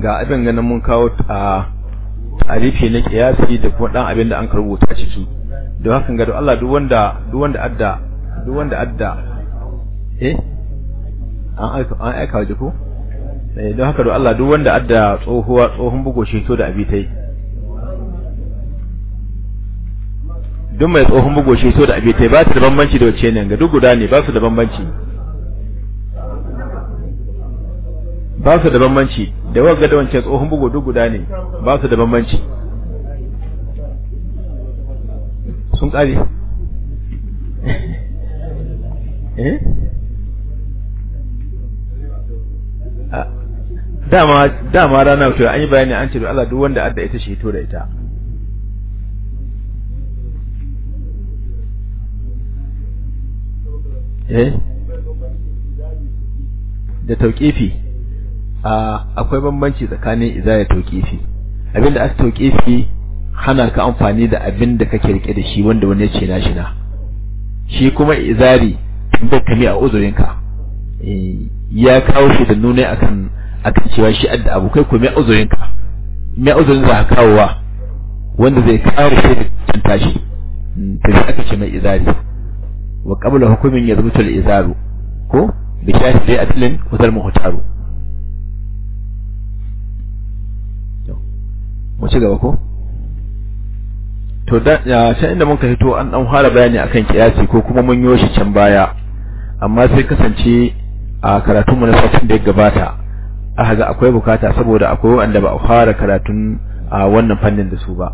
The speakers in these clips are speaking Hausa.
ga abin ganin mun kawo a tarifi na kiyasi da kuma dan abin da an karbuta ciki don haka ga Allah duk wanda duk wanda adda duk wanda adda eh an aika an aika waje ko eh don haka don Allah duk wanda adda tsohuwa tsohon bugo shi to da abitai duk mai tsohon bugo shi to da abitai ba su da bambanci da wace ne ga duk guda ne ba su da bambanci ba su da bambanci da wa ga dawance tsohon bugu duk guda ne ba su da bambanci sun kare eh dama dama rana to an yi bayani an ce da Allah duk wanda adda ita shi to da ita eh da tauƙifi akwai bambanci tsakanin izaya tauƙifi abinda aka tauƙifi hana ka amfani da abin da kake rike da shi wanda wani ya ce na shi na shi kuma izari baka mi a uzurinka eh, ya kawo shi da nuna akan akan cewa shi adda abu kai ko mi a uzurinka mi a uzurin za ka wa wanda zai kawo shi da tanta shi hmm, to shi aka ce mai izari wa qabla ya yazbutul izaru ko bi shahidi atlin wa zalmu hutaru mu ci gaba ko to da can inda muka hito an dan fara bayani akan kiyasi ko kuma mun yoshi can baya amma sai kasance a karatun mu na satin da ya gabata a ga akwai bukata saboda akwai wanda ba a fara karatun a wannan fannin da su ba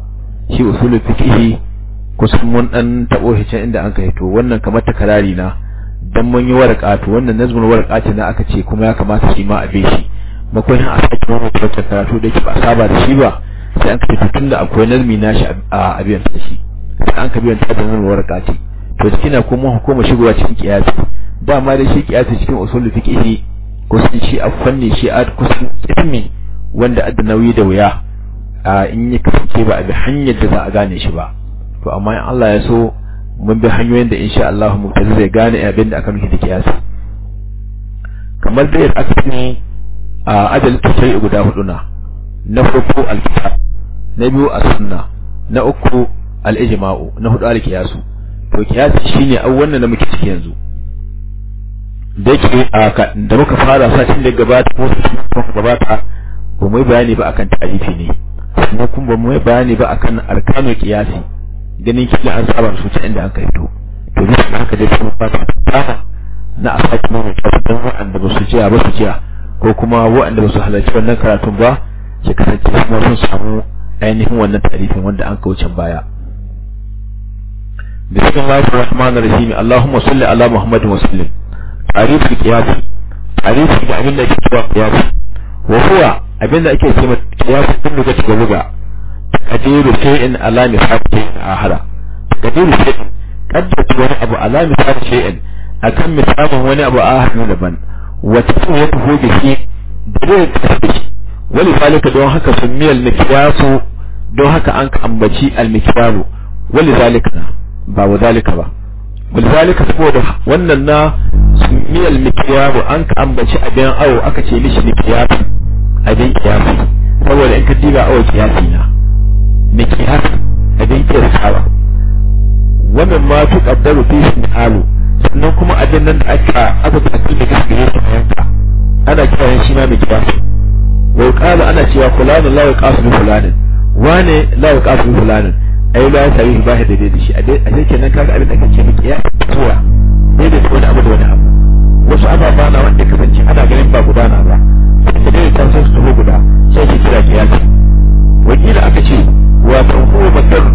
shi usulul fiqhi kusan mun dan tabo shi can inda an ka hito wannan kamar ta karari na dan mun yi waraka to wannan nazmul waraka ce na aka ce kuma ya kamata shi ma a bi shi makon a sake wannan karatu da ke ba saba da shi ba sai an ka tafi tunda akwai nazmi nashi a abiyan tashi sai an ka biyan ta da nan warka ce to cikin na kuma hukuma shigowa cikin kiyasi dama da shi kiyasi cikin usulul fiqhi sai shi a fanni shi a kusan ilmi wanda adda nauyi da wuya in yi kasance ba a bi hanyar da za a gane shi ba to amma in Allah ya so mun bi hanyoyin da insha Allah mutane zai gane abin da aka nufi da kiyasi kamar da ya aka a ajalin tashai guda hudu na na farko alkitab na biyu a sunna na uku al'ijima'u na hudu al kiyasi to qiyasi shine wannan da muke ciki yanzu da yake da muka fara sashin da gabata ko sashin gabata ba mu bayani ba akan ta'arifi ne kuma kun ba mu bayani ba akan arkanu kiyasi ganin kila an saba su ta inda an fito to bisa haka dai kuma fata fata na a sake mu da wa'anda ba su jiya ba su jiya ko kuma wa'anda ba su halarci wannan karatun ba ya kasance kuma sun samu ainihin wannan tarifin wanda an kaucin baya bismillahir rahmanir rahim allahumma salli ala muhammadin wa sallim tarifin qiyas tarifi da abin da ake cewa qiyas wa huwa abin da ake cewa qiyas din da take buga kadiru shay'in ala misali ahara kadiru shay'in kaddata wani abu ala misali shay'in akan misalin wani abu ahara daban wa tafiya ta hoje shi da zai tafi wali zalika don haka summi al-mikyasu don haka an ambaci al-mikyasu wani zalika ba wa zalika ba wani zalika saboda wannan na summi al-mikyasu an ka ambaci abin awo aka ce mishi mikyasu abin kiyasi saboda in ka diba awo kiyasi na mikyasu abin ba wannan ma tu qaddaru fi sunalu sannan kuma abin nan da aka aka tafi da gaskiya ta yanka ana kiran shi ma mikyasu wa yuqalu ana cewa fulanu la yuqasu bi fulanin wane la yuqasu bi fulanin ai la sabi ba shi da dai da shi a dai kenan kaga abin da kake miki ya tuwa dai da wani abu da wani abu wasu ababa na wanda kasance ana ganin ba gudana ba sai dai ta san su guda sai ki kira kiyasi wakila aka ce wa tanfu madar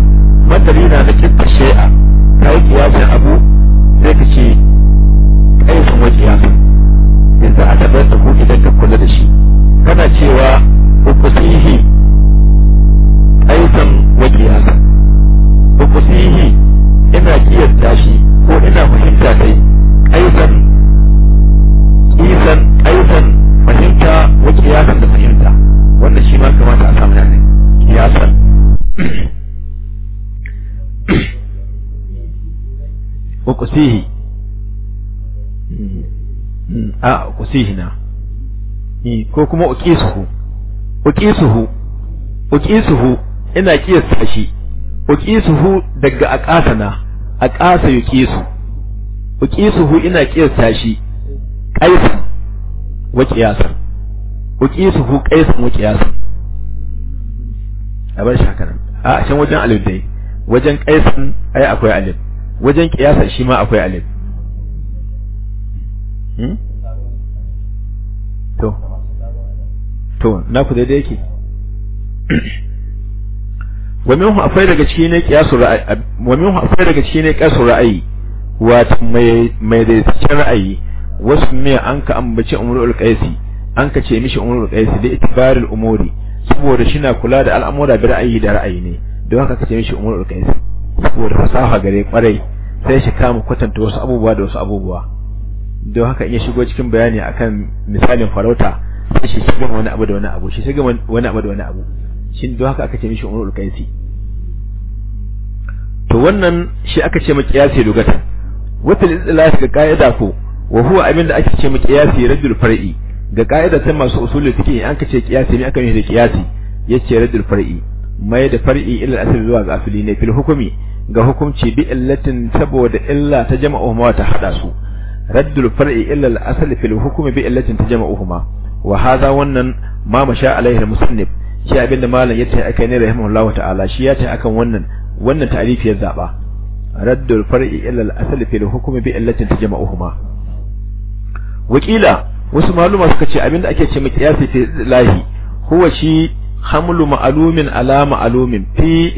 matarina na kibba shay'a kai kiyasin abu sai ka ce kai sun wa kiyasin yanzu a tabbata ko idan ka kula da shi a sihina ko kuma uqisuhu uqisuhu uqisuhu ina kiyasta shi uqisuhu daga aqasana aqasa yuqisu uqisuhu ina kiyasta shi qais wa qiyasan uqisuhu qais wa qiyasan a bar shi haka nan a can wajen alif dai wajen qais ai akwai alif wajen qiyasan shi ma akwai alif Hmm? to to na ku daidai yake wa hu akwai daga cikin ne qiyasu ra'ayi wa daga cikin ra'ayi wato mai mai daidaitaccen ra'ayi wasu mai an ka ambaci umrul ƙa'isi an ka ce mishi umrul qaisi da itibarul umuri saboda shi na kula da al'amura da ra'ayi da ra'ayi ne don haka ka ce mishi umrul ƙa'isi. saboda fasaha gare kwarai sai shi kama kwatanta wasu abubuwa da wasu abubuwa don haka in ya shigo cikin bayani akan misalin farauta sai shi shiga wani abu da wani abu shi shiga wani abu da wani abu shin don haka aka ce mishi umrul qaisi to wannan shi aka ce maki yasi lugatan wata istilah ga kaida ko wa huwa abin da ake ce maki yasi rajul far'i ga kaida ta masu usuli fiqh an ka ce qiyasi ne aka yi da qiyasi yace far'i mai da far'i ila asali zuwa ga asali ne fil hukumi ga hukumci bi illatin saboda illa ta jama'u ma ta hada su raddul far'i illa al-asl fil hukmi bi illatin tajma'uhuma wa hadha wannan ma masha alaihi al-musannif shi abinda malam yace akai ne rahimahullahu ta'ala shi yace akan wannan wannan ta'rifi ya zaba raddul far'i illa al-asl fil hukmi bi illatin wakila wasu maluma suka ce abinda ake ce miqyasi fi lahi huwa shi hamlu ma'lumin ala ma'lumin fi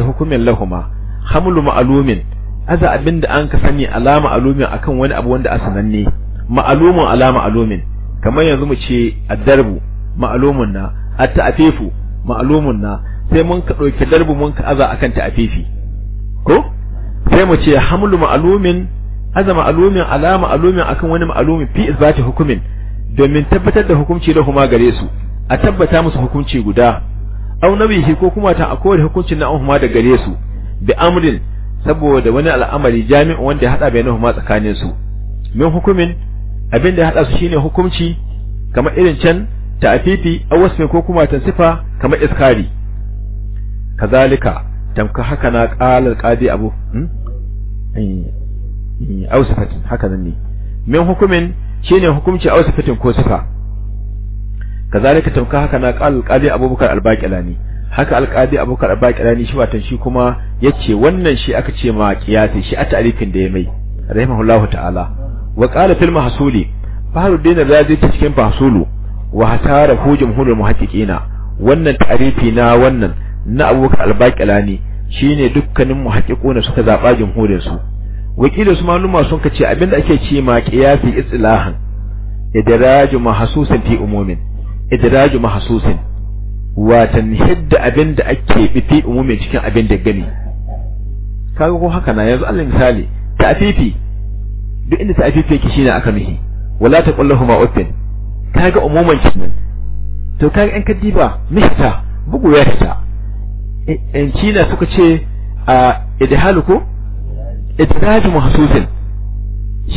hukmin lahuma hamlu ma'lumin aza abin da an ka sani alama alumin akan wani abu wanda sananne. ma'alumun alama alumin kamar yanzu mu ce addarbu ma'alumun na at-ta'fifu ma'alumun na sai mun ka dauki darbu mun ka aza akan ta'afifi ko sai mu ce hamlu ma'alumin aza ma'alumin alama alumin akan wani ma'alumin fi isbati hukumin domin tabbatar da hukunci da huma gare su a tabbata musu hukunci guda au nabihi ko kuma ta akwai hukuncin na huma da gare su bi amrin saboda wani al'amari jami'u wanda ya hada bainahu ma tsakanin su min hukumin abinda ya hada su shine hukunci kamar irin can ta'fifi aw wasfi ko kuma tansifa kamar iskari kazalika tamka haka na qala alqadi abu hmm? aw sifatin haka nan ne min hukumin shine hukunci aw sifatin ko sifa kazalika tamka haka na qala alqadi abubakar albaqilani haka alƙadi abubakar abakirani shi watan shi kuma yace wannan shi aka ce ma qiyasi shi a ta'rifin da ya mai rahimahullahu ta'ala wa qala fil mahsuli Bahruddin Razi ta cikin fasulu wa hasara hu jumhurul muhaqqiqina wannan ta'rifi na wannan na abubakar albakirani shine dukkanin muhaqqiquna suka zaba jumhurin su wakilin su maluma sun kace abinda ake ce ma qiyasi istilahan idraju mahsusin fi umumin idraju mahsusin watan hidda abin da ake bifi umumin cikin abin da gani kaga ko haka na yanzu Allah misali ta'fifi duk inda ta'fifi yake shine aka mihi wala taqullahu ma uffin kaga umuman cikin to kaga an kadiba mishta bugu ya ta in cina suka ce a idhaluku idraju mahsusin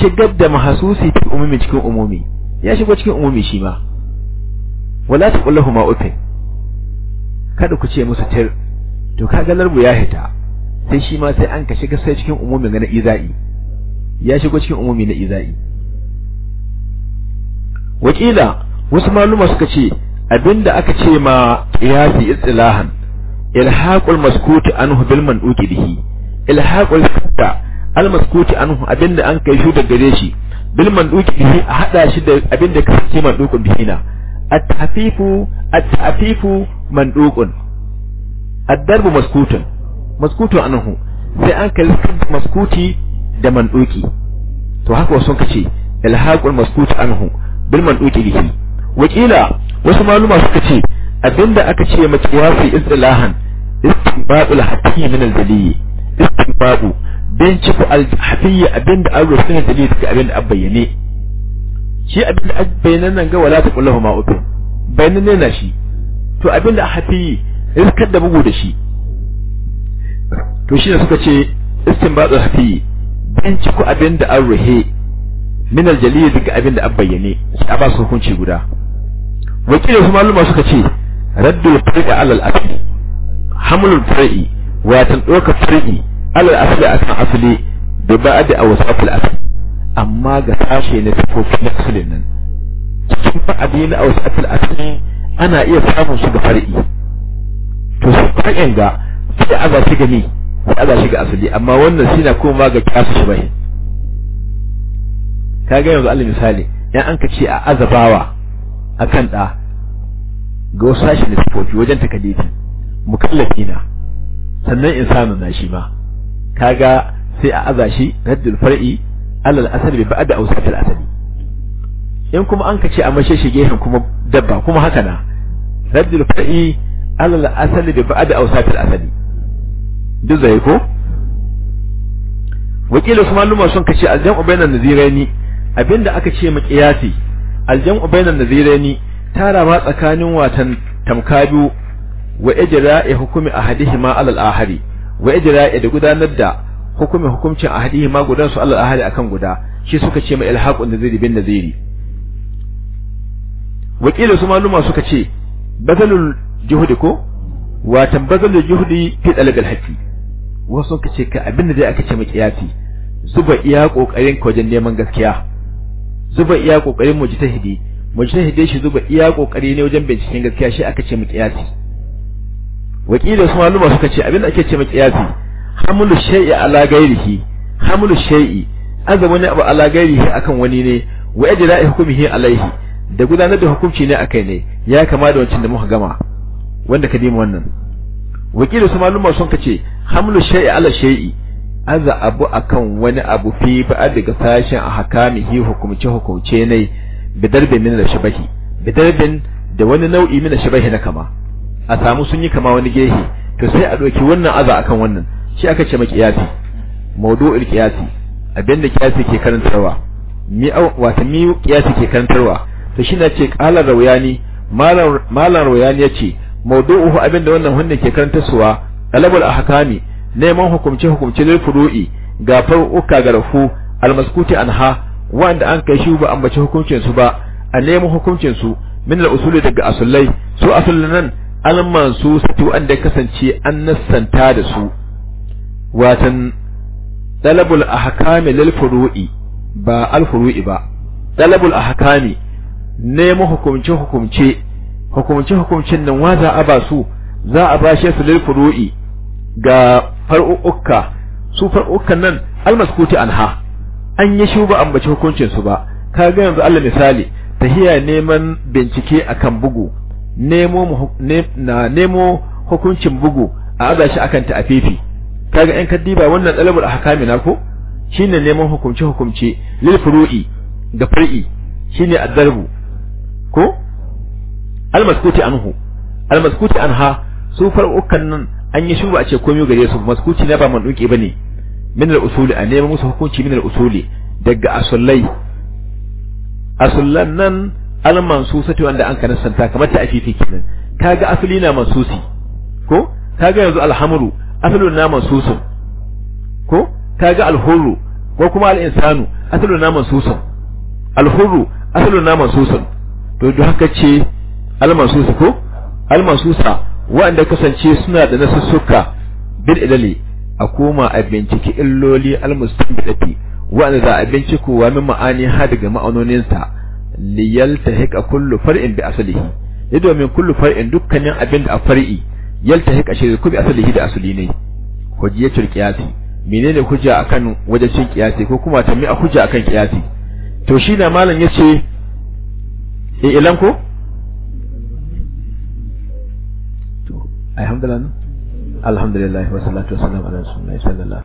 shigar da mahsusi fi umumin cikin umumi ya shigo cikin umumi shi ma wala taqullahu ma uffin kada ku ce musu tir to kaga larbu ya hita sai shi ma sai an ka shiga sai cikin umumin na iza'i ya shigo cikin umumi na iza'i wakila wasu maluma suka ce abinda aka ce ma qiyasi istilahan ilhaqul maskuti anhu bil man'uti bihi ilhaqul fatta al maskuti anhu abinda an kai shi daga gare shi bil man'uti bihi a hada shi da abinda ka ce mandukun bihi na at-tafifu at-tafifu mandukun ad-darbu maskutun maskutun anhu sai an kalli maskuti da manduki to haka wasu ka ce ilhaqul maskut anhu bil manduki bihi wakila wasu maluma suka ce abinda aka ce mace ma qiyasi istilahan istinbadul hafi min al-dali istinbadu binciko al-hafi abinda an rusunin dalili daga abinda an bayyane shi abin da bayanan nan ga wala ta kullahu ma ufi bayanan ne na shi to abin da hafi riskar da bugu da shi to shi ne suka ce da hafi binciko abin da an ruhe min aljaliya daga abin da an bayyane a ba su hukunci guda wakilin su maluma suka ce raddul fari'a alal asli hamlul fari'i watan ɗaukar fari'i alal asli akan asli da ba'a da awsafil asli amma ga sashe na sifofi na asalin nan cikin fa'adi na awsatul asli ana iya samun su ga far'i to su fa'in ga sai a ga shiga ni sai a ga shiga asali amma wannan na kuma ga kasu shi bai kaga yanzu alal misali idan an ka ce a azabawa akan da ga wasu sashi na sifofi wajen takalifi mukallafi na sannan insanu na shi ma kaga sai a aza shi raddul far'i alal asali ba da ausatul asali in kuma an ka ce a mashe shi gehen kuma dabba kuma haka na raddul fa'i alal asali bi ba'da ausatul asali duk zai ko wakil Usman Luma sun kace aljam'u bainan naziraini abinda aka ce mu qiyasi aljam'u bainan naziraini tara ma tsakanin watan tamkabu wa ijra'i hukumi ahadihima alal ahari wa ijra'i da gudanar da hukumin hukuncin ahadihi ma gudan su Allah ahadi akan guda shi suka ce mai ilhaqun naziri bin naziri wakilu su maluma suka ce bazalul juhudi ko watan bazalul juhudi fi talabil haqqi wasu suka ce ka abin da dai aka ce mai kiyasi zuba iya kokarin ka wajen neman gaskiya zuba iya kokarin mujtahidi mujtahidi shi zuba iya kokari ne wajen binciken gaskiya shi aka ce mai kiyasi wakilu su maluma suka ce abin da ake ce mai kiyasi hamlu shay'i ala ghairihi hamlu shay'i azama wani abu ala ghairihi akan wani ne wa ajra hukmihi alaihi da gudanar da hukunci ne akai ne ya kama da wancan da muka gama wanda ka dima wannan wakilu su malumma sun kace hamlu shay'i ala shay'i aza abu akan wani abu fi fa daga sashen a hakamihi hukumce hukumce ne bidarbin min da shabahi bidarbin da wani nau'i min shabahi na kama a samu sun yi kama wani gehe to sai a ɗauki wannan aza akan wannan shi aka ce makiyasi mawdu'ul qiyasi abinda qiyasi ke karantarwa mi wato mi qiyasi ke karantarwa to shi na ce qala rawayani malam malam rawayani yace mawdu'uhu abinda wannan hunne ke karantarwa talabul ahkami neman hukumce hukumce lil furu'i ga faruka ga almaskuti anha wanda an kai shi ba an bace hukuncin su ba a nemi hukuncin su min al-usuli daga asullai, su asullan nan al an wanda kasance an nassanta da su watan talabul ahkami lil furu'i ba al furu'i ba talabul ahkami nemo hukumce hukumce hukumce hukumcin nan wa za a ba su za a bashe su lil furu'i ga far'uka su far'ukan nan maskuti anha an yi shuba ambaci hukuncin su ba ga yanzu Allah misali tahiya neman bincike akan bugu nemo na nemo hukuncin bugu a aza shi akan afifi kaga ɗan ba wannan ɗalabar a hakami na ko shine neman hukumce hukumce lil furu'i ga ne shine addarbu ko almaskuti anhu almaskuti anha su far'ukan nan an yi shuba a ce komai gare su maskuti na ba man duke bane min al-usuli a neman musu hukunci min al-usuli daga asullai asullan nan al-mansusati wanda an kana santa kamar ta afifi kenan kaga asali na mansusi ko kaga yanzu alhamru asalun naman susun ko kaga alhurru ko kuma al'insanu asalun naman susun alhurru asalun naman susun to duk haka ce alman susu ko alman susa waɗanda kasance suna da nasussuka bil idali a koma a binciki illoli almustan bidati waɗanda za a binciko wa min ma'ani ha daga ma'anoninsa liyalta hika kullu far'in bi asalihi ya domin kullu far'in dukkanin abin da a far'i yaltahiq ashirku bi aslihi da asali ne hujjatul qiyasi menene hujja akan wajen qiyasi ko kuma ta a hujja akan qiyasi to shi na malam yace e eh, ilan ko to alhamdulillah alhamdulillah wa salam ala rasulillah sallallahu